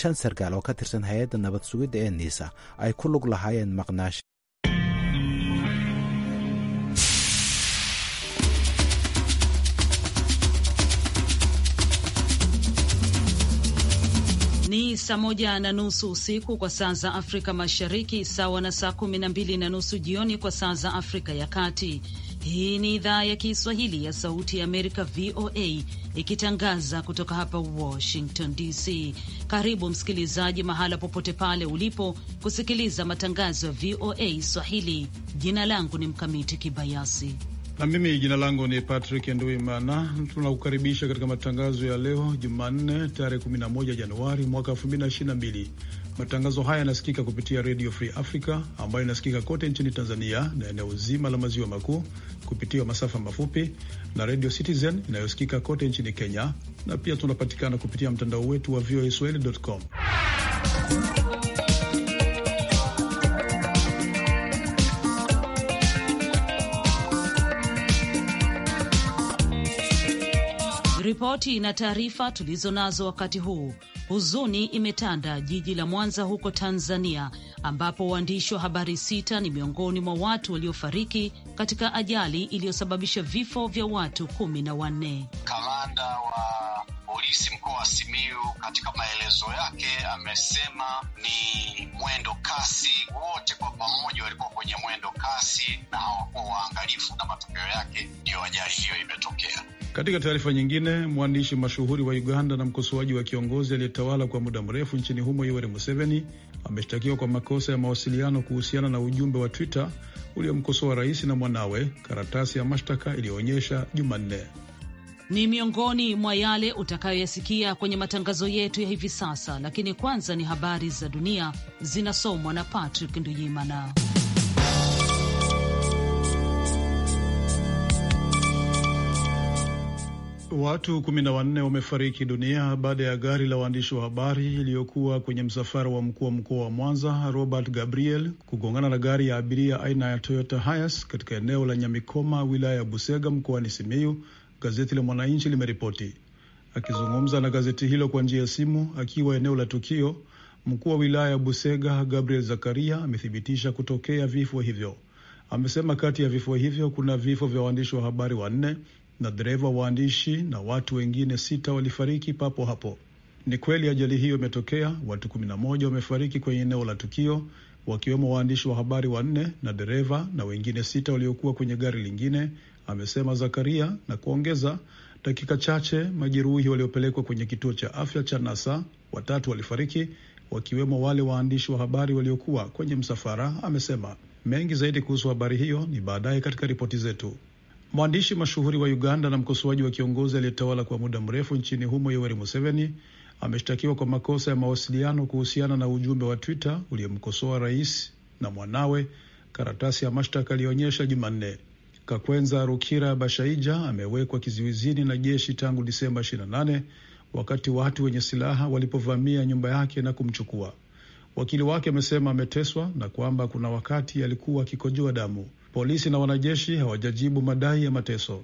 shan sarkaal oo ka tirsan hay-adda nabad sugidda ee niisa ay ku lug lahaayeen maqnaasha ni saa moja na nusu usiku kwa saa za Afrika Mashariki, sawa na saa kumi na mbili na nusu jioni kwa saa za Afrika ya Kati. Hii ni idhaa ya Kiswahili ya Sauti ya Amerika, VOA, ikitangaza kutoka hapa Washington DC. Karibu msikilizaji, mahala popote pale ulipo kusikiliza matangazo ya VOA Swahili. Jina langu ni Mkamiti Kibayasi na mimi jina langu ni Patrick Nduimana. Tunakukaribisha katika matangazo ya leo Jumanne, tarehe 11 Januari mwaka 2022 Matangazo haya yanasikika kupitia Radio Free Africa ambayo inasikika kote nchini Tanzania na eneo zima la maziwa makuu kupitia masafa mafupi na Radio Citizen inayosikika kote nchini Kenya, na pia tunapatikana kupitia mtandao wetu wa voaswahili.com. Ripoti na taarifa tulizo nazo wakati huu, huzuni imetanda jiji la Mwanza huko Tanzania, ambapo waandishi wa habari sita ni miongoni mwa watu waliofariki katika ajali iliyosababisha vifo vya watu kumi na wanne. Kamanda wa rais mkoa wa simiu katika maelezo yake amesema ni mwendo kasi, wote kwa pamoja walikuwa kwenye mwendo kasi na hawakuwa waangalifu, na matokeo yake ndiyo ajali hiyo imetokea. Katika taarifa nyingine, mwandishi mashuhuri wa Uganda na mkosoaji wa kiongozi aliyetawala kwa muda mrefu nchini humo Yoweri Museveni ameshtakiwa kwa makosa ya mawasiliano kuhusiana na ujumbe wa Twitter uliomkosoa rais na mwanawe, karatasi ya mashtaka iliyoonyesha Jumanne ni miongoni mwa yale utakayoyasikia kwenye matangazo yetu ya hivi sasa, lakini kwanza ni habari za dunia zinasomwa na Patrick Nduyimana. Watu kumi na wanne wamefariki dunia baada ya gari la waandishi wa habari iliyokuwa kwenye msafara wa mkuu wa mkoa wa Mwanza Robert Gabriel kugongana na gari ya abiria aina ya Toyota Hiace katika eneo la Nyamikoma, wilaya ya Busega, mkoani Simiyu gazeti la Mwananchi limeripoti. Akizungumza na gazeti hilo kwa njia ya simu akiwa eneo la tukio, mkuu wa wilaya ya Busega Gabriel Zakaria amethibitisha kutokea vifo hivyo. Amesema kati ya vifo hivyo kuna vifo vya waandishi wa habari wanne na dereva waandishi na watu wengine sita walifariki papo hapo. Ni kweli ajali hiyo imetokea, watu 11 wamefariki kwenye eneo la tukio, wakiwemo waandishi wa habari wanne na dereva na wengine sita waliokuwa kwenye gari lingine amesema Zakaria na kuongeza, dakika chache majeruhi waliopelekwa kwenye kituo cha afya cha Nasa watatu walifariki, wakiwemo wale waandishi wa habari waliokuwa kwenye msafara, amesema. Mengi zaidi kuhusu habari hiyo ni baadaye katika ripoti zetu. Mwandishi mashuhuri wa Uganda na mkosoaji wa kiongozi aliyetawala kwa muda mrefu nchini humo Yoweri Museveni ameshtakiwa kwa makosa ya mawasiliano kuhusiana na ujumbe wa Twitter uliyemkosoa rais na mwanawe, karatasi ya mashtaka aliyoonyesha Jumanne. Kakwenza Rukira Bashaija amewekwa kizuizini na jeshi tangu Disemba 28 wakati watu wenye silaha walipovamia nyumba yake na kumchukua. Wakili wake amesema ameteswa na kwamba kuna wakati alikuwa akikojoa damu. Polisi na wanajeshi hawajajibu madai ya mateso.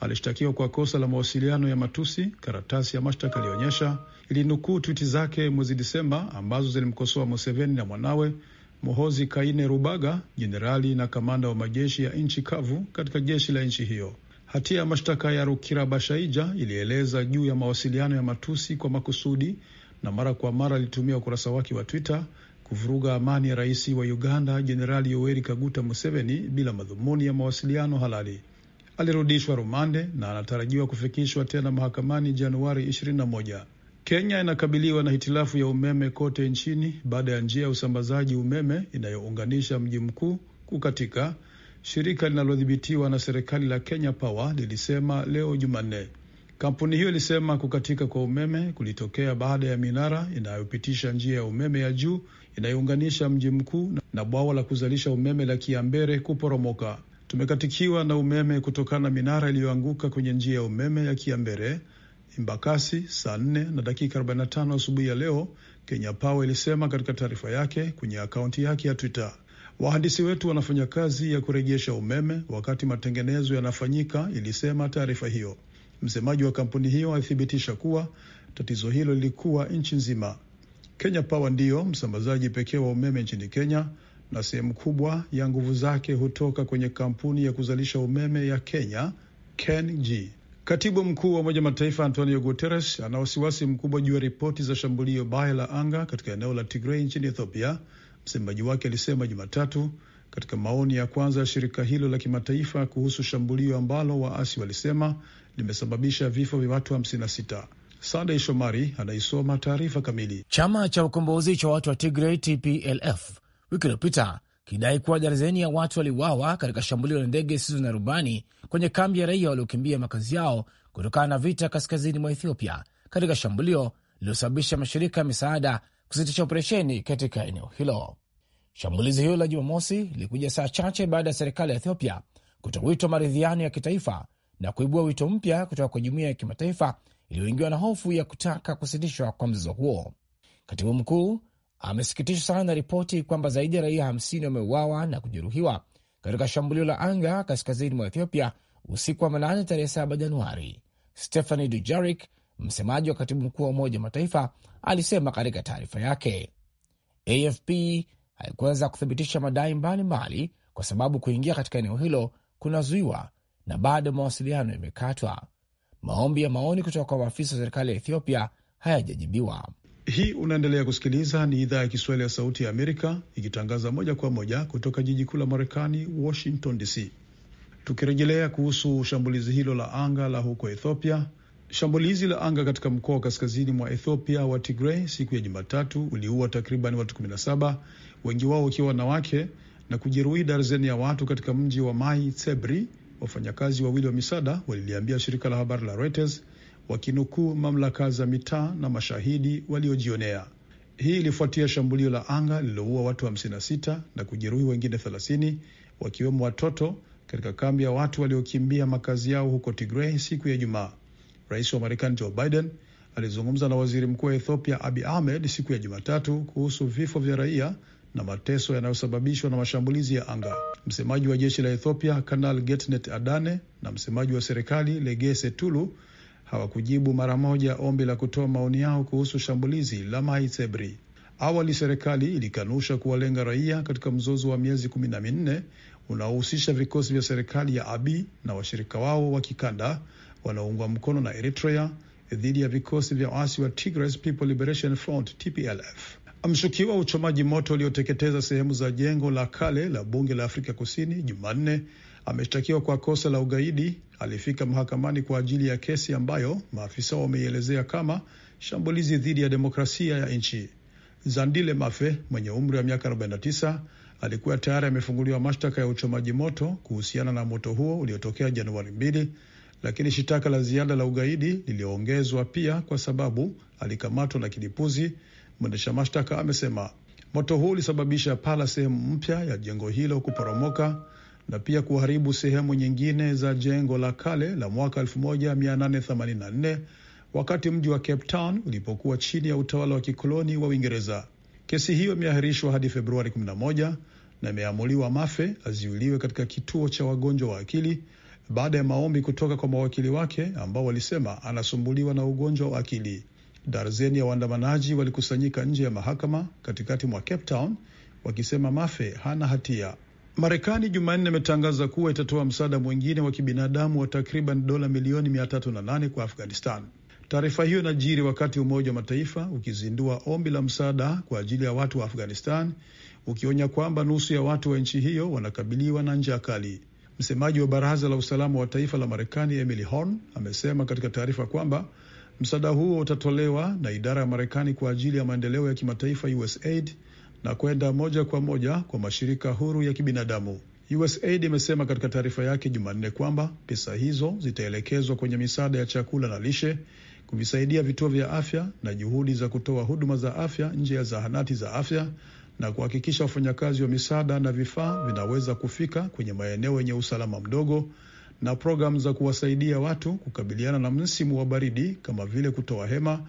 Alishtakiwa kwa kosa la mawasiliano ya matusi. Karatasi ya mashtaka alionyesha ilinukuu twiti zake mwezi Disemba ambazo zilimkosoa Museveni na mwanawe Mohozi Kaine Rubaga, jenerali na kamanda wa majeshi ya nchi kavu katika jeshi la nchi hiyo. Hatia ya mashtaka ya Rukirabashaija ilieleza juu ya mawasiliano ya matusi kwa makusudi na mara kwa mara alitumia ukurasa wake wa Twitter kuvuruga amani ya rais wa Uganda Jenerali Yoweri Kaguta Museveni bila madhumuni ya mawasiliano halali. Alirudishwa rumande na anatarajiwa kufikishwa tena mahakamani Januari 21. Kenya inakabiliwa na hitilafu ya umeme kote nchini baada ya njia ya usambazaji umeme inayounganisha mji mkuu kukatika, shirika linalodhibitiwa na serikali la Kenya Power lilisema leo Jumanne. Kampuni hiyo ilisema kukatika kwa umeme kulitokea baada ya minara inayopitisha njia ya umeme ya juu inayounganisha mji mkuu na bwawa la kuzalisha umeme la Kiambere kuporomoka. Tumekatikiwa na umeme kutokana na minara iliyoanguka kwenye njia ya umeme ya Kiambere mbakasi saa 4 na dakika 45 asubuhi ya leo, Kenya Power ilisema katika taarifa yake kwenye akaunti yake ya Twitter. Wahandisi wetu wanafanya kazi ya kurejesha umeme wakati matengenezo yanafanyika, ilisema taarifa hiyo. Msemaji wa kampuni hiyo alithibitisha kuwa tatizo hilo lilikuwa nchi nzima. Kenya Power ndiyo msambazaji pekee wa umeme nchini Kenya na sehemu kubwa ya nguvu zake hutoka kwenye kampuni ya kuzalisha umeme ya Kenya KenGen. Katibu mkuu wa Umoja Mataifa Antonio Guterres ana wasiwasi mkubwa juu ya ripoti za shambulio baya la anga katika eneo la Tigrei nchini Ethiopia. Msemaji wake alisema Jumatatu katika maoni ya kwanza ya shirika hilo la kimataifa kuhusu shambulio ambalo waasi walisema limesababisha vifo vya watu 56. Sandey Shomari anaisoma taarifa kamili. Chama cha ukombozi cha watu wa Tigrei TPLF wiki iliyopita kidai kuwa darzeni ya watu waliuawa katika shambulio la ndege zisizo na rubani kwenye kambi ya raia waliokimbia makazi yao kutokana na vita kaskazini mwa Ethiopia, katika shambulio lililosababisha mashirika ya misaada kusitisha operesheni katika eneo hilo. Shambulizi hilo la Jumamosi lilikuja saa chache baada ya serikali ya Ethiopia kutoa wito wa maridhiano ya kitaifa na kuibua wito mpya kutoka kwa jumuiya ya kimataifa iliyoingiwa na hofu ya kutaka kusitishwa kwa mzozo huo. Katibu mkuu amesikitishwa sana na ripoti kwamba zaidi ya raia 50 wameuawa na kujeruhiwa katika shambulio la anga kaskazini mwa Ethiopia usiku wa manane tarehe 7 Januari. Stephani Dujarik, msemaji wa katibu mkuu wa Umoja Mataifa, alisema katika taarifa yake. AFP haikuweza kuthibitisha madai mbalimbali kwa sababu kuingia katika eneo hilo kunazuiwa na bado mawasiliano yamekatwa. Maombi ya maoni kutoka kwa maafisa wa serikali ya Ethiopia hayajajibiwa. Hii unaendelea kusikiliza ni idhaa ya Kiswahili ya Sauti ya Amerika ikitangaza moja kwa moja kutoka jiji kuu la Marekani, Washington DC. Tukirejelea kuhusu shambulizi hilo la anga la huko Ethiopia, shambulizi la anga katika mkoa wa kaskazini mwa Ethiopia wa tigrei siku ya Jumatatu uliua takriban watu 17, wengi wao wakiwa wanawake na kujeruhi darzeni ya watu katika mji wa Mai Tsebri. Wafanyakazi wawili wa misaada waliliambia shirika la habari la Reuters wakinukuu mamlaka za mitaa na mashahidi waliojionea. Hii ilifuatia shambulio la anga lililoua watu 56 wa na kujeruhi wengine 30 wakiwemo watoto katika kambi ya watu waliokimbia makazi yao huko Tigray siku ya Ijumaa. Rais wa Marekani Joe Biden alizungumza na waziri mkuu wa Ethiopia abi Ahmed siku ya Jumatatu kuhusu vifo vya raia na mateso yanayosababishwa na mashambulizi ya anga. Msemaji wa jeshi la Ethiopia Kanal Getnet Adane na msemaji wa serikali Legese Tulu hawakujibu mara moja ombi la kutoa maoni yao kuhusu shambulizi la Maitsebri. Awali serikali ilikanusha kuwalenga raia katika mzozo wa miezi kumi na minne unaohusisha vikosi vya serikali ya Abi na washirika wao wa kikanda wanaoungwa mkono na Eritrea dhidi ya vikosi vya waasi wa Tigray People Liberation Front TPLF. Mshukiwa wa uchomaji moto ulioteketeza sehemu za jengo la kale la bunge la Afrika Kusini Jumanne ameshtakiwa kwa kosa la ugaidi. Alifika mahakamani kwa ajili ya kesi ambayo maafisa wameielezea kama shambulizi dhidi ya demokrasia ya nchi. Zandile Mafe mwenye umri wa miaka 49 alikuwa tayari amefunguliwa mashtaka ya uchomaji moto kuhusiana na moto huo uliotokea Januari mbili, lakini shitaka la ziada la ugaidi liliongezwa pia kwa sababu alikamatwa na kilipuzi. Mwendesha mashtaka amesema moto huo ulisababisha pala sehemu mpya ya jengo hilo kuporomoka na pia kuharibu sehemu nyingine za jengo la kale la mwaka 1884 wakati mji wa Cape Town ulipokuwa chini ya utawala wa kikoloni wa Uingereza. Kesi hiyo imeahirishwa hadi Februari 11 na imeamuliwa Mafe aziuliwe katika kituo cha wagonjwa wa akili baada ya maombi kutoka kwa mawakili wake ambao walisema anasumbuliwa na ugonjwa wa akili. Darzeni ya waandamanaji walikusanyika nje ya mahakama katikati mwa Cape Town wakisema Mafe hana hatia. Marekani Jumanne imetangaza kuwa itatoa msaada mwingine wa kibinadamu wa takriban dola milioni nane kwa Afghanistan. Taarifa hiyo inajiri wakati Umoja wa Mataifa ukizindua ombi la msaada kwa ajili ya watu wa Afghanistan, ukionya kwamba nusu ya watu wa nchi hiyo wanakabiliwa na njaa kali. Msemaji wa Baraza la Usalama wa Taifa la Marekani Emily Horn amesema katika taarifa kwamba msaada huo utatolewa na idara ya Marekani kwa ajili ya maendeleo ya kimataifa USAID na kwenda moja kwa moja kwa mashirika huru ya kibinadamu. USAID imesema katika taarifa yake Jumanne kwamba pesa hizo zitaelekezwa kwenye misaada ya chakula na lishe, kuvisaidia vituo vya afya na juhudi za kutoa huduma za afya nje ya zahanati za afya, na kuhakikisha wafanyakazi wa misaada na vifaa vinaweza kufika kwenye maeneo yenye usalama mdogo, na programu za kuwasaidia watu kukabiliana na msimu wa baridi kama vile kutoa hema,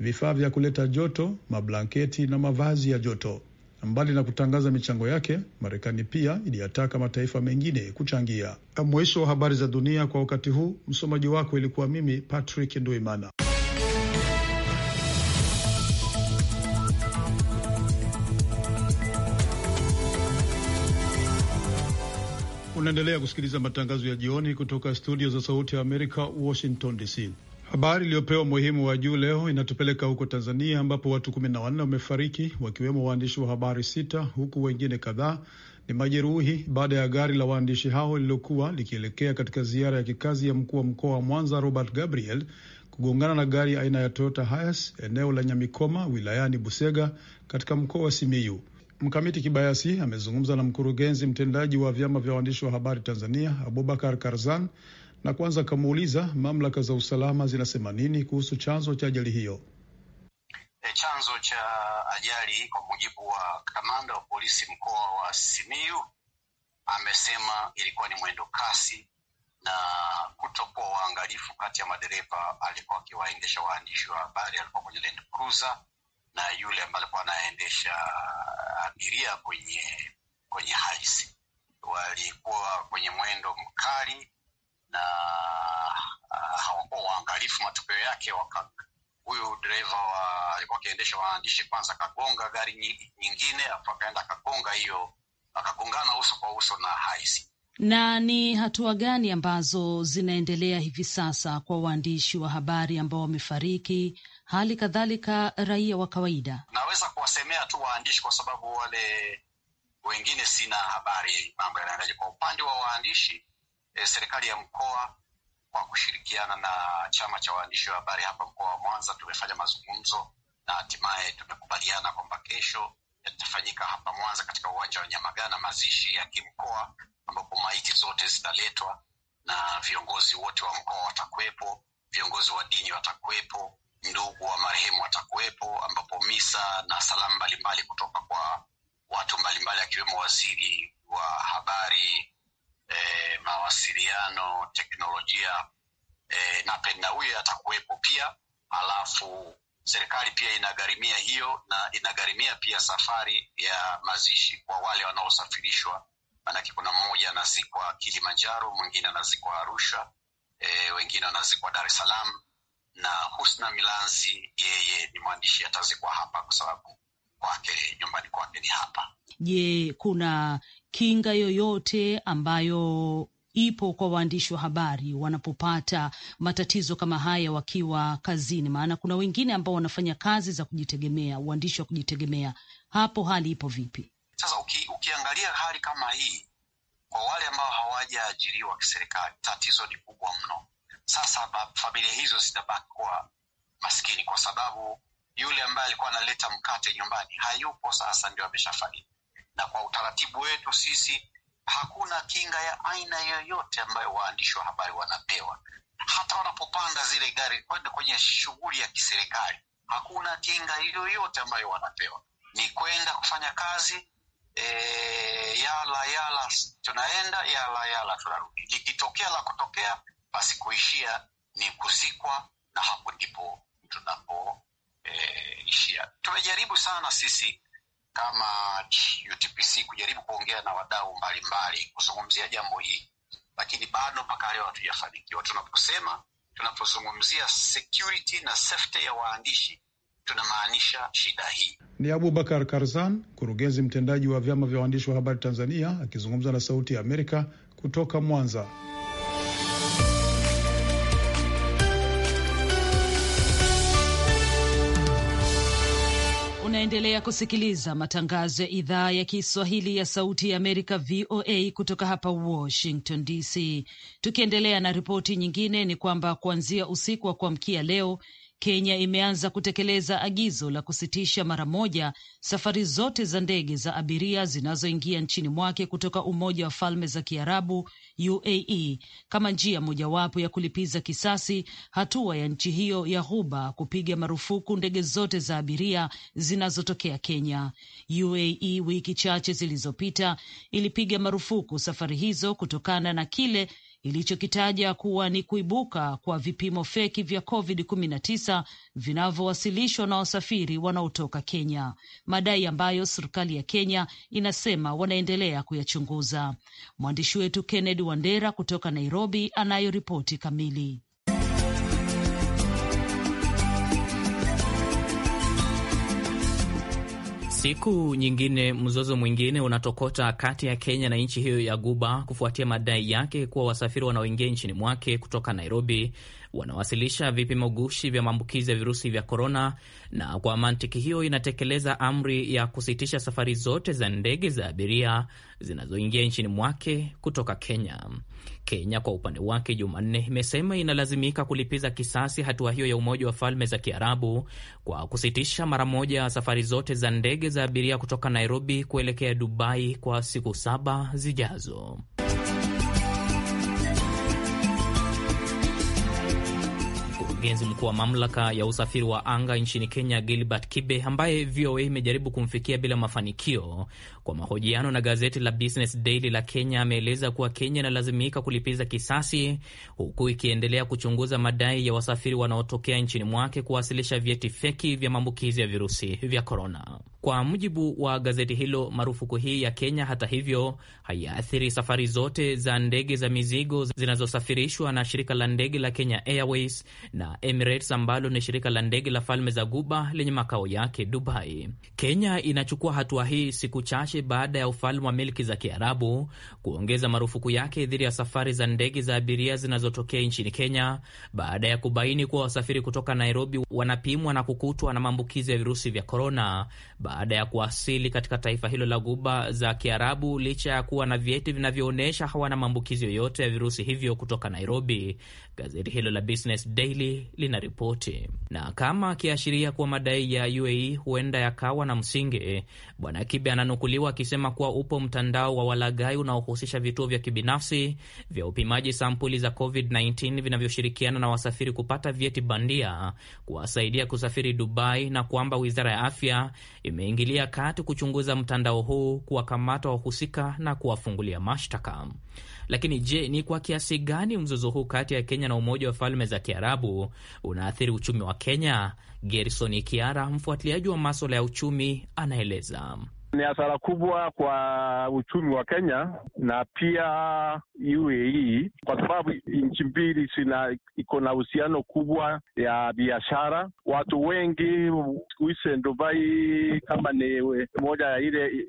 vifaa vya kuleta joto, mablanketi na mavazi ya joto. Mbali na kutangaza michango yake, Marekani pia iliyataka mataifa mengine kuchangia. Mwisho wa habari za dunia kwa wakati huu. Msomaji wako ilikuwa mimi Patrick Nduimana. Unaendelea kusikiliza matangazo ya jioni kutoka studio za Sauti ya Amerika, Washington DC. Habari iliyopewa umuhimu wa juu leo inatupeleka huko Tanzania ambapo watu kumi na wanne wamefariki wakiwemo waandishi wa habari sita huku wengine kadhaa ni majeruhi baada ya gari la waandishi hao lililokuwa likielekea katika ziara ya kikazi ya mkuu wa mkoa wa Mwanza Robert Gabriel kugongana na gari aina ya Toyota Hiace eneo la Nyamikoma wilayani Busega katika mkoa wa Simiyu. Mkamiti Kibayasi amezungumza na mkurugenzi mtendaji wa vyama vya waandishi wa habari Tanzania Abubakar Karzan na kwanza akamuuliza mamlaka za usalama zinasema nini kuhusu chanzo cha ajali hiyo. E, chanzo cha ajali kwa mujibu wa kamanda wa polisi mkoa wa Simiyu amesema ilikuwa ni mwendo kasi na kutokuwa uangalifu kati ya madereva alikuwa akiwaendesha waandishi wa habari, alikuwa kwenye Land Cruiser na yule ambaye alikuwa anaendesha abiria kwenye kwenye haisi, walikuwa kwenye mwendo mkali na ah, hawakuwa waangalifu. Matokeo yake huyu dereva alikuwa akiendesha waandishi, kwanza akagonga gari nyingine, alafu akaenda akagonga hiyo, akagongana uso kwa uso na haisi. Na ni hatua gani ambazo zinaendelea hivi sasa kwa waandishi wa habari ambao wamefariki, hali kadhalika raia wa kawaida? Naweza kuwasemea tu waandishi, kwa sababu wale wengine sina habari mambo yanaendaje. Kwa upande wa waandishi e, serikali ya mkoa kwa kushirikiana na chama cha waandishi wa habari hapa mkoa wa Mwanza tumefanya mazungumzo na hatimaye tumekubaliana kwamba kesho yatafanyika hapa Mwanza katika uwanja wa Nyamagana mazishi ya kimkoa, ambapo maiti zote zitaletwa na viongozi wote wa mkoa watakuwepo, viongozi wa dini watakuwepo, ndugu wa marehemu watakuwepo, ambapo misa na salamu mbalimbali kutoka kwa watu mbalimbali akiwemo waziri wa habari e, mawasiliano, teknolojia e, na huyo atakuwepo pia, alafu serikali pia inagharimia hiyo na inagharimia pia safari ya mazishi kwa wale wanaosafirishwa, maanake kuna mmoja anazikwa Kilimanjaro, mwingine anazikwa Arusha, e, wengine wanazikwa Dar es Salaam na Husna Milanzi yeye ni mwandishi atazikwa hapa kwa sababu kwake nyumbani kwake ni hapa. Je, kuna kinga yoyote ambayo ipo kwa waandishi wa habari wanapopata matatizo kama haya wakiwa kazini, maana kuna wengine ambao wanafanya kazi za kujitegemea, uandishi wa kujitegemea. Hapo hali ipo vipi sasa? Uki, ukiangalia hali kama hii kwa wale ambao hawajaajiriwa kiserikali, tatizo ni kubwa mno. Sasa familia hizo zitabaki kuwa maskini, kwa sababu yule ambaye alikuwa analeta mkate nyumbani hayupo, sasa ndio ameshafariki na kwa utaratibu wetu sisi hakuna kinga ya aina yoyote ambayo waandishi wa habari wanapewa, hata wanapopanda zile gari kwenda kwenye shughuli ya kiserikali, hakuna kinga yoyote ambayo wanapewa, ni kwenda kufanya kazi e, yala yala tunaenda yala yala tunarudi, likitokea la kutokea basi kuishia ni kuzikwa, na hapo ndipo tunapoishia. Eh, e, tumejaribu sana sisi kama UTPC kujaribu kuongea na wadau mbalimbali kuzungumzia jambo hili, lakini bado mpaka leo hatujafanikiwa. Tunaposema, tunapozungumzia security na safety ya waandishi tunamaanisha shida hii. Ni Abubakar Karzan, mkurugenzi mtendaji wa vyama vya waandishi wa habari Tanzania, akizungumza na Sauti ya Amerika kutoka Mwanza. Unaendelea kusikiliza matangazo ya idhaa ya Kiswahili ya Sauti ya Amerika, VOA, kutoka hapa Washington DC. Tukiendelea na ripoti nyingine, ni kwamba kuanzia usiku wa kuamkia leo Kenya imeanza kutekeleza agizo la kusitisha mara moja safari zote za ndege za abiria zinazoingia nchini mwake kutoka Umoja wa Falme za Kiarabu UAE kama njia mojawapo ya kulipiza kisasi hatua ya nchi hiyo ya Ghuba kupiga marufuku ndege zote za abiria zinazotokea Kenya. UAE wiki chache zilizopita ilipiga marufuku safari hizo kutokana na kile ilichokitaja kuwa ni kuibuka kwa vipimo feki vya COVID-19 vinavyowasilishwa na wasafiri wanaotoka Kenya, madai ambayo serikali ya Kenya inasema wanaendelea kuyachunguza. Mwandishi wetu Kennedy Wandera kutoka Nairobi anayo ripoti kamili. Siku nyingine mzozo mwingine unatokota kati ya Kenya na nchi hiyo ya Guba kufuatia madai yake kuwa wasafiri wanaoingia nchini mwake kutoka Nairobi wanawasilisha vipimo gushi vya maambukizi ya virusi vya korona, na kwa mantiki hiyo inatekeleza amri ya kusitisha safari zote za ndege za abiria zinazoingia nchini mwake kutoka Kenya. Kenya kwa upande wake, Jumanne imesema inalazimika kulipiza kisasi hatua hiyo ya Umoja wa Falme za Kiarabu kwa kusitisha mara moja safari zote za ndege za abiria kutoka Nairobi kuelekea Dubai kwa siku saba zijazo. mkurugenzi mkuu wa mamlaka ya usafiri wa anga nchini Kenya, Gilbert Kibe, ambaye VOA imejaribu kumfikia bila mafanikio. Kwa mahojiano na gazeti la Business Daily la Kenya, ameeleza kuwa Kenya inalazimika kulipiza kisasi, huku ikiendelea kuchunguza madai ya wasafiri wanaotokea nchini mwake kuwasilisha vyeti feki vya maambukizi ya virusi vya korona. Kwa mujibu wa gazeti hilo, marufuku hii ya Kenya, hata hivyo, haiathiri safari zote za ndege za mizigo zinazosafirishwa na shirika la ndege la Kenya Airways na Emirates ambalo ni shirika la ndege la Falme za Guba lenye makao yake Dubai. Kenya inachukua hatua hii siku chache baada ya ufalme wa milki za Kiarabu kuongeza marufuku yake dhidi ya safari za ndege za abiria zinazotokea nchini Kenya baada ya kubaini kuwa wasafiri kutoka Nairobi wanapimwa na kukutwa na maambukizi ya virusi vya korona baada ya kuwasili katika taifa hilo la guba za Kiarabu licha ya kuwa na vyeti vinavyoonyesha hawana maambukizi yoyote ya virusi hivyo kutoka Nairobi gazeti hilo la Business Daily linaripoti. Na kama akiashiria kuwa madai ya UAE huenda yakawa na msingi, Bwana Kibe ananukuliwa akisema kuwa upo mtandao wa walagai unaohusisha vituo vya kibinafsi vya upimaji sampuli za COVID-19 vinavyoshirikiana na wasafiri kupata vyeti bandia kuwasaidia kusafiri Dubai, na kwamba wizara ya afya imeingilia kati kuchunguza mtandao huu, kuwakamata wahusika na kuwafungulia mashtaka. Lakini je, ni kwa kiasi gani mzozo huu kati ya Kenya na Umoja wa Falme za Kiarabu unaathiri uchumi wa Kenya? Gerson Kiara, mfuatiliaji wa maswala ya uchumi, anaeleza. Ni hasara kubwa kwa uchumi wa Kenya na pia UAE kwa sababu nchi mbili zina iko na uhusiano kubwa ya biashara. Watu wengi kuise Dubai kama ni moja ya ile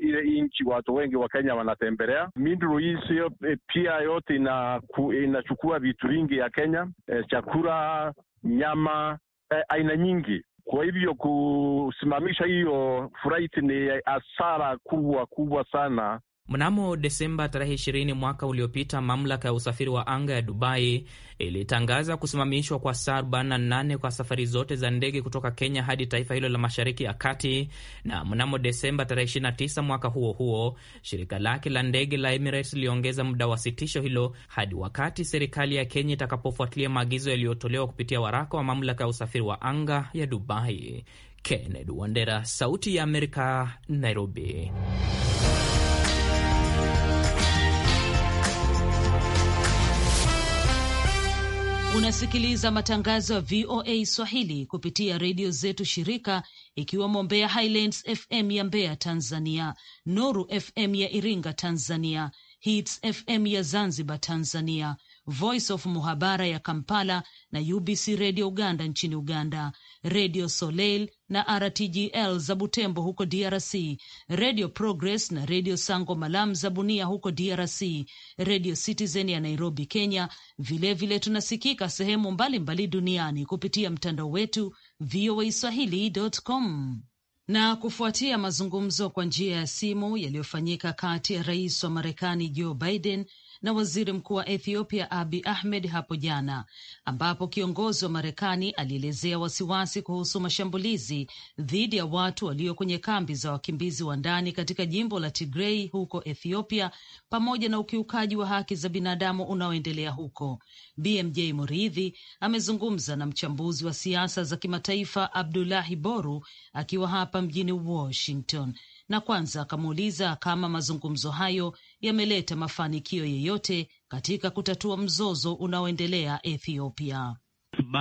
ile nchi watu wengi wa Kenya wanatembelea. Middle East pia yote inachukua ina vitu vingi ya Kenya, chakura eh, chakula, nyama, eh, aina nyingi kwa hivyo kusimamisha hiyo flight ni hasara kubwa kubwa sana Mnamo Desemba tarehe 20 mwaka uliopita, mamlaka ya usafiri wa anga ya Dubai ilitangaza kusimamishwa kwa saa 48 kwa safari zote za ndege kutoka Kenya hadi taifa hilo la mashariki ya kati. Na mnamo Desemba tarehe 29 mwaka huo huo, shirika lake la ndege la Emirates liliongeza muda wa sitisho hilo hadi wakati serikali ya Kenya itakapofuatilia maagizo yaliyotolewa kupitia waraka wa mamlaka ya usafiri wa anga ya Dubai. Kennedy Wandera, Sauti ya Amerika, Nairobi. Unasikiliza matangazo ya VOA Swahili kupitia redio zetu shirika, ikiwemo Mbeya Highlands FM ya Mbeya Tanzania, Nuru FM ya Iringa Tanzania, Hits FM ya Zanzibar Tanzania, Voice of Muhabara ya Kampala na UBC Radio Uganda nchini Uganda. Redio Soleil na RTGL za Butembo huko DRC, Redio Progress na Redio Sango Malam za Bunia huko DRC, Redio Citizen ya Nairobi, Kenya. Vilevile vile tunasikika sehemu mbalimbali mbali duniani kupitia mtandao wetu VOA Swahili.com na kufuatia mazungumzo kwa njia ya simu yaliyofanyika kati ya rais wa Marekani Joe Biden na waziri mkuu wa Ethiopia Abi Ahmed hapo jana, ambapo kiongozi wa Marekani alielezea wasiwasi kuhusu mashambulizi dhidi ya watu walio kwenye kambi za wakimbizi wa ndani katika jimbo la Tigrei huko Ethiopia, pamoja na ukiukaji wa haki za binadamu unaoendelea huko. BMJ Muridhi amezungumza na mchambuzi wa siasa za kimataifa Abdulahi Boru akiwa hapa mjini Washington, na kwanza akamuuliza kama mazungumzo hayo yameleta mafanikio yeyote katika kutatua mzozo unaoendelea Ethiopia.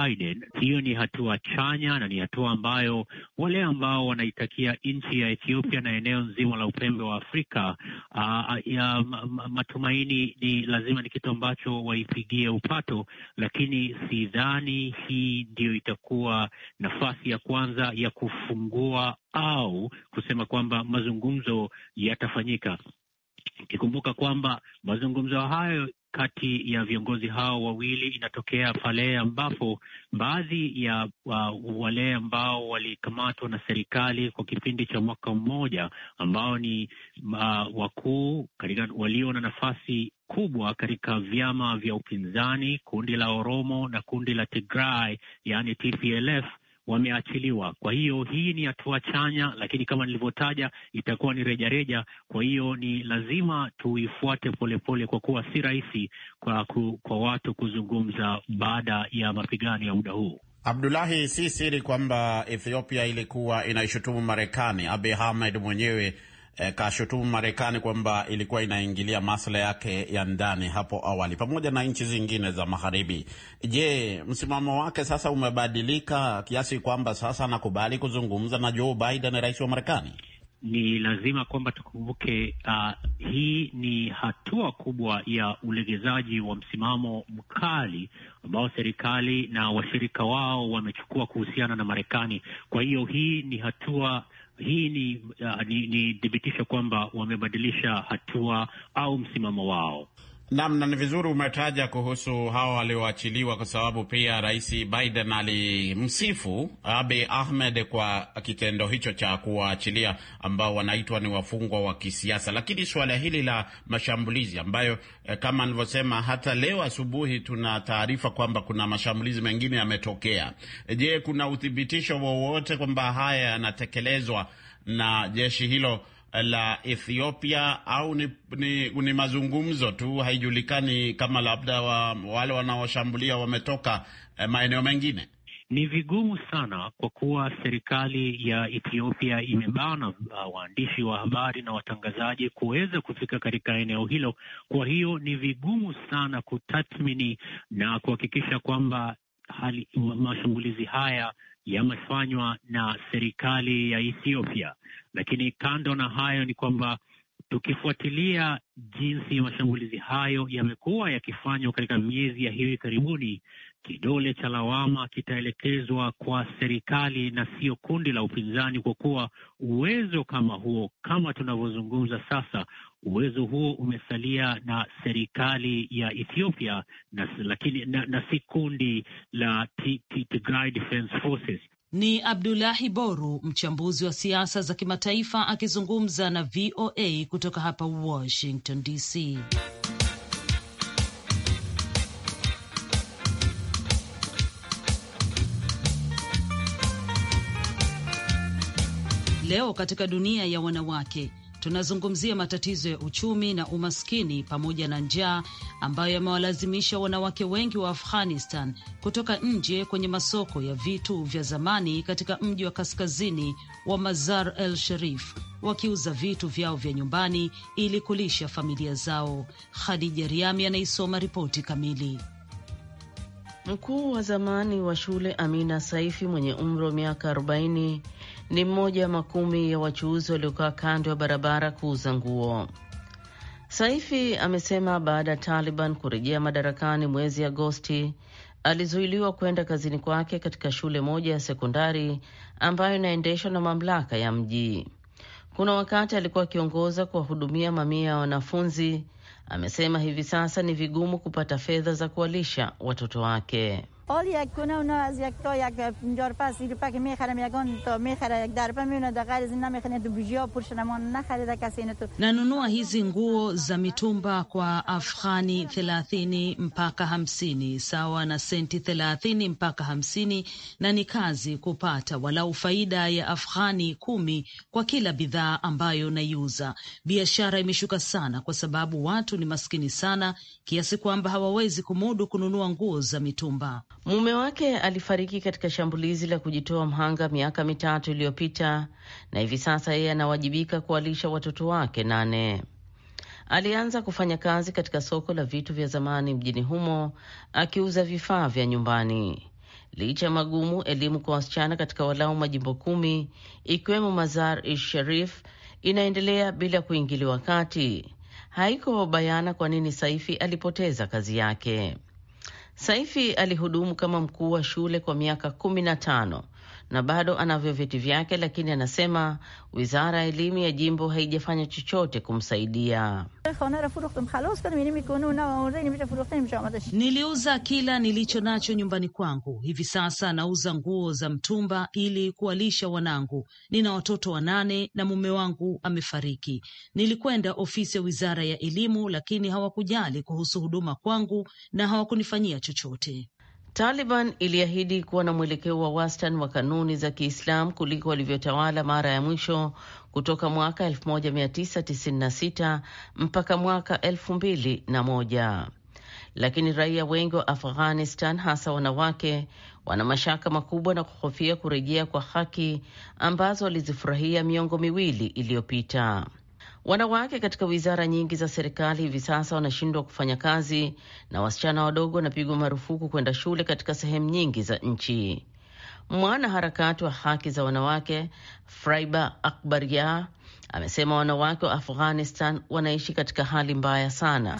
Biden, hiyo ni hatua chanya na ni hatua ambayo wale ambao wanaitakia nchi ya Ethiopia na eneo nzima la upembe wa Afrika uh, ya matumaini ni lazima ni kitu ambacho waipigie upato, lakini sidhani hii ndiyo itakuwa nafasi ya kwanza ya kufungua au kusema kwamba mazungumzo yatafanyika ukikumbuka kwamba mazungumzo hayo kati ya viongozi hao wawili inatokea pale ambapo baadhi ya uh, wale ambao walikamatwa na serikali kwa kipindi cha mwaka mmoja ambao ni uh, wakuu katika walio na nafasi kubwa katika vyama vya upinzani, kundi la Oromo na kundi la Tigray, yani TPLF wameachiliwa. Kwa hiyo hii ni hatua chanya, lakini kama nilivyotaja, itakuwa ni rejareja. Kwa hiyo ni lazima tuifuate polepole, kwa kuwa si rahisi kwa, ku, kwa watu kuzungumza baada ya mapigano ya muda huu. Abdulahi, si siri kwamba Ethiopia ilikuwa inaishutumu Marekani. Abiy Ahmed mwenyewe e, kashutumu Marekani kwamba ilikuwa inaingilia masuala yake ya ndani hapo awali pamoja na nchi zingine za Magharibi. Je, msimamo wake sasa umebadilika kiasi kwamba sasa anakubali kuzungumza na Joe Biden, rais wa Marekani? Ni lazima kwamba tukumbuke, uh, hii ni hatua kubwa ya ulegezaji wa msimamo mkali ambao serikali na washirika wao wamechukua kuhusiana na Marekani. Kwa hiyo hii ni hatua hii ni, uh, ni, ni thibitisho kwamba wamebadilisha hatua au msimamo wao namna ni vizuri umetaja kuhusu hawa walioachiliwa, kwa sababu pia Rais Biden alimsifu Abiy Ahmed kwa kitendo hicho cha kuwaachilia ambao wanaitwa ni wafungwa wa kisiasa. Lakini suala hili la mashambulizi ambayo, eh, kama nilivyosema, hata leo asubuhi tuna taarifa kwamba kuna mashambulizi mengine yametokea. Je, kuna uthibitisho wowote kwamba haya yanatekelezwa na jeshi hilo la Ethiopia au ni, ni, ni mazungumzo tu, haijulikani kama labda wa, wale wanaoshambulia wametoka eh, maeneo mengine. Ni vigumu sana kwa kuwa serikali ya Ethiopia imebana uh, waandishi wa habari na watangazaji kuweza kufika katika eneo hilo. Kwa hiyo ni vigumu sana kutathmini na kuhakikisha kwamba hali mashambulizi haya yamefanywa na serikali ya Ethiopia. Lakini kando na hayo ni kwamba tukifuatilia jinsi mashambulizi hayo yamekuwa yakifanywa katika miezi ya hivi karibuni, kidole cha lawama kitaelekezwa kwa serikali na sio kundi la upinzani, kwa kuwa uwezo kama huo, kama tunavyozungumza sasa, uwezo huo umesalia na serikali ya Ethiopia na, lakini, na, na si kundi la Tigray Forces. Ni Abdulahi Boru, mchambuzi wa siasa za kimataifa, akizungumza na VOA kutoka hapa Washington DC. Leo katika dunia ya wanawake Tunazungumzia matatizo ya uchumi na umaskini pamoja na njaa ambayo yamewalazimisha wanawake wengi wa Afghanistan kutoka nje kwenye masoko ya vitu vya zamani katika mji wa kaskazini wa Mazar el Sharif wakiuza vitu vyao vya nyumbani ili kulisha familia zao. Khadija Riami anaisoma ripoti kamili. Mkuu wa zamani wa shule Amina Saifi mwenye umri wa miaka 40 ni mmoja wa makumi ya wachuuzi waliokaa kando ya barabara kuuza nguo. Saifi amesema baada ya Taliban kurejea madarakani mwezi Agosti, alizuiliwa kwenda kazini kwake katika shule moja ya sekondari ambayo inaendeshwa na mamlaka ya mji. Kuna wakati alikuwa akiongoza kuwahudumia mamia ya wanafunzi amesema hivi sasa ni vigumu kupata fedha za kuwalisha watoto wake. حال یک کنه اونا از یک تا یک پنجار پس روپا که میخرم یگان تا میخره یک دربه میونه در غیر زین نمیخونه تو بجیا پرشنمان نخریده کسی اینو تو nanunua hizi nguo za mitumba kwa afghani thelathini mpaka hamsini sawa na senti thelathini mpaka hamsini na ni kazi kupata walau faida ya afghani kumi kwa kila bidhaa ambayo naiuza. Biashara imeshuka sana kwa sababu watu ni maskini sana kiasi kwamba hawawezi kumudu kununua nguo za mitumba. Mume wake alifariki katika shambulizi la kujitoa mhanga miaka mitatu iliyopita, na hivi sasa yeye anawajibika kuwalisha watoto wake nane. Alianza kufanya kazi katika soko la vitu vya zamani mjini humo akiuza vifaa vya nyumbani. Licha ya magumu, elimu kwa wasichana katika walau majimbo kumi ikiwemo Mazar i Sharif inaendelea bila kuingiliwa kati. Haiko bayana kwa nini Saifi alipoteza kazi yake. Saifi alihudumu kama mkuu wa shule kwa miaka kumi na tano na bado anavyo vyeti vyake, lakini anasema wizara ya elimu ya jimbo haijafanya chochote kumsaidia. Niliuza kila nilicho nacho nyumbani kwangu, hivi sasa nauza nguo za mtumba ili kuwalisha wanangu. Nina watoto wanane na mume wangu amefariki. Nilikwenda ofisi ya wizara ya elimu, lakini hawakujali kuhusu huduma kwangu na hawakunifanyia chochote. Taliban iliahidi kuwa na mwelekeo wa wastani wa kanuni za Kiislamu kuliko walivyotawala mara ya mwisho kutoka mwaka 1996 mpaka mwaka 2001, lakini raia wengi wa Afghanistan, hasa wanawake, wana mashaka makubwa na kuhofia kurejea kwa haki ambazo walizifurahia miongo miwili iliyopita. Wanawake katika wizara nyingi za serikali hivi sasa wanashindwa kufanya kazi na wasichana wadogo wanapigwa marufuku kwenda shule katika sehemu nyingi za nchi. Mwanaharakati wa haki za wanawake Fraiba Akbaria amesema wanawake wa Afghanistan wanaishi katika hali mbaya sana.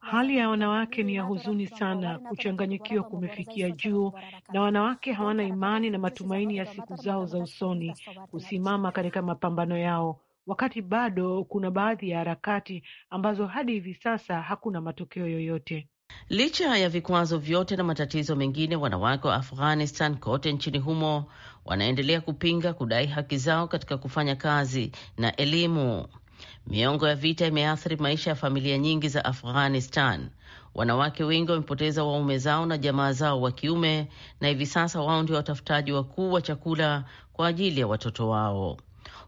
Hali ya wanawake ni ya huzuni sana, kuchanganyikiwa kumefikia juu, na wanawake hawana imani na matumaini ya siku zao za usoni kusimama katika mapambano yao, wakati bado kuna baadhi ya harakati ambazo hadi hivi sasa hakuna matokeo yoyote. Licha ya vikwazo vyote na matatizo mengine, wanawake wa Afghanistan kote nchini humo wanaendelea kupinga, kudai haki zao katika kufanya kazi na elimu. Miongo ya vita imeathiri maisha ya familia nyingi za Afghanistan. Wanawake wengi wamepoteza waume zao na jamaa zao wa kiume, na hivi sasa wao ndio watafutaji wakuu wa chakula kwa ajili ya watoto wao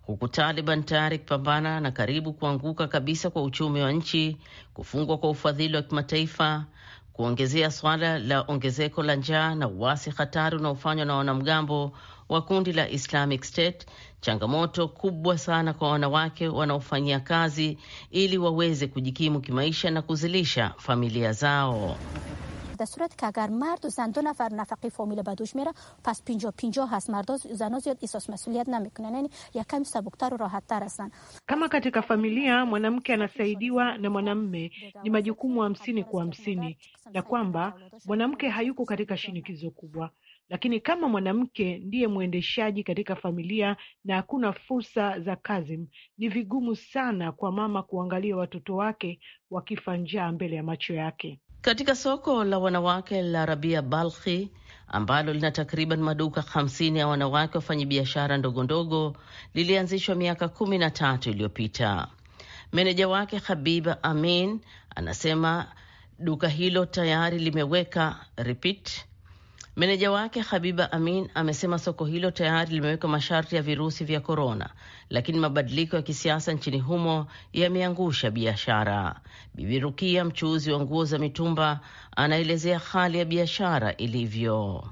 huku Taliban tayari kupambana na karibu kuanguka kabisa kwa uchumi wa nchi, kufungwa kwa ufadhili wa kimataifa, kuongezea swala la ongezeko la njaa na uasi hatari unaofanywa na wanamgambo wa kundi la Islamic State changamoto kubwa sana kwa wanawake wanaofanyia kazi ili waweze kujikimu kimaisha na kuzilisha familia zao. Kama katika familia mwanamke anasaidiwa na mwanamme, ni majukumu hamsini kwa hamsini, na kwamba mwanamke hayuko katika shinikizo kubwa. Lakini kama mwanamke ndiye mwendeshaji katika familia na hakuna fursa za kazi, ni vigumu sana kwa mama kuangalia watoto wake wakifa njaa mbele ya macho yake. Katika soko la wanawake la Rabia Balkhi ambalo lina takriban maduka 50 ya wanawake biashara ndogo ndogo lilianzishwa miaka kumi na tatu iliyopita. Meneja wake Habiba Amin anasema duka hilo tayari limeweka repeat Meneja wake Habiba Amin amesema soko hilo tayari limeweka masharti ya virusi vya korona, lakini mabadiliko ya kisiasa nchini humo yameangusha biashara. Bibi Rukia, mchuuzi wa nguo za mitumba, anaelezea hali ya biashara ilivyo.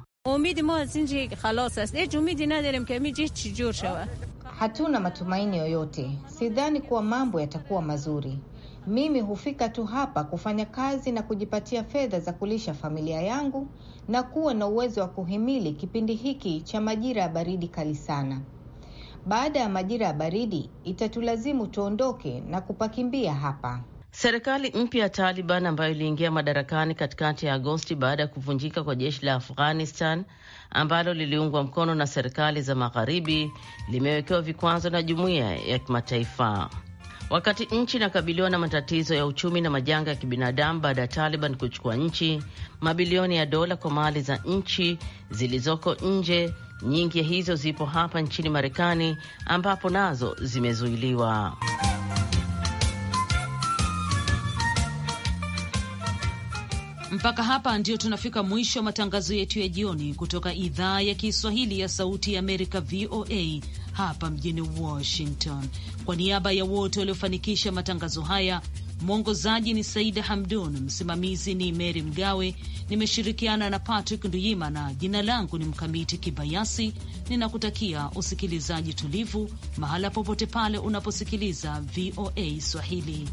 Hatuna matumaini yoyote, sidhani kuwa mambo yatakuwa mazuri. Mimi hufika tu hapa kufanya kazi na kujipatia fedha za kulisha familia yangu na kuwa na uwezo wa kuhimili kipindi hiki cha majira ya baridi kali sana. Baada ya majira ya baridi itatulazimu tuondoke na kupakimbia hapa. Serikali mpya ya Taliban ambayo iliingia madarakani katikati ya Agosti baada ya kuvunjika kwa jeshi la Afghanistan ambalo liliungwa mkono na serikali za magharibi limewekewa vikwazo na jumuiya ya kimataifa. Wakati nchi inakabiliwa na matatizo ya uchumi na majanga ya kibinadamu baada ya Taliban kuchukua nchi, mabilioni ya dola kwa mali za nchi zilizoko nje, nyingi hizo zipo hapa nchini Marekani ambapo nazo zimezuiliwa. Mpaka hapa ndio tunafika mwisho wa matangazo yetu ya jioni kutoka idhaa ya Kiswahili ya Sauti ya Amerika, VOA hapa mjini Washington. Kwa niaba ya wote waliofanikisha matangazo haya, mwongozaji ni Saida Hamdun, msimamizi ni Mary Mgawe, nimeshirikiana na Patrick Nduyimana. Jina langu ni Mkamiti Kibayasi, ninakutakia usikilizaji tulivu mahala popote pale unaposikiliza VOA Swahili.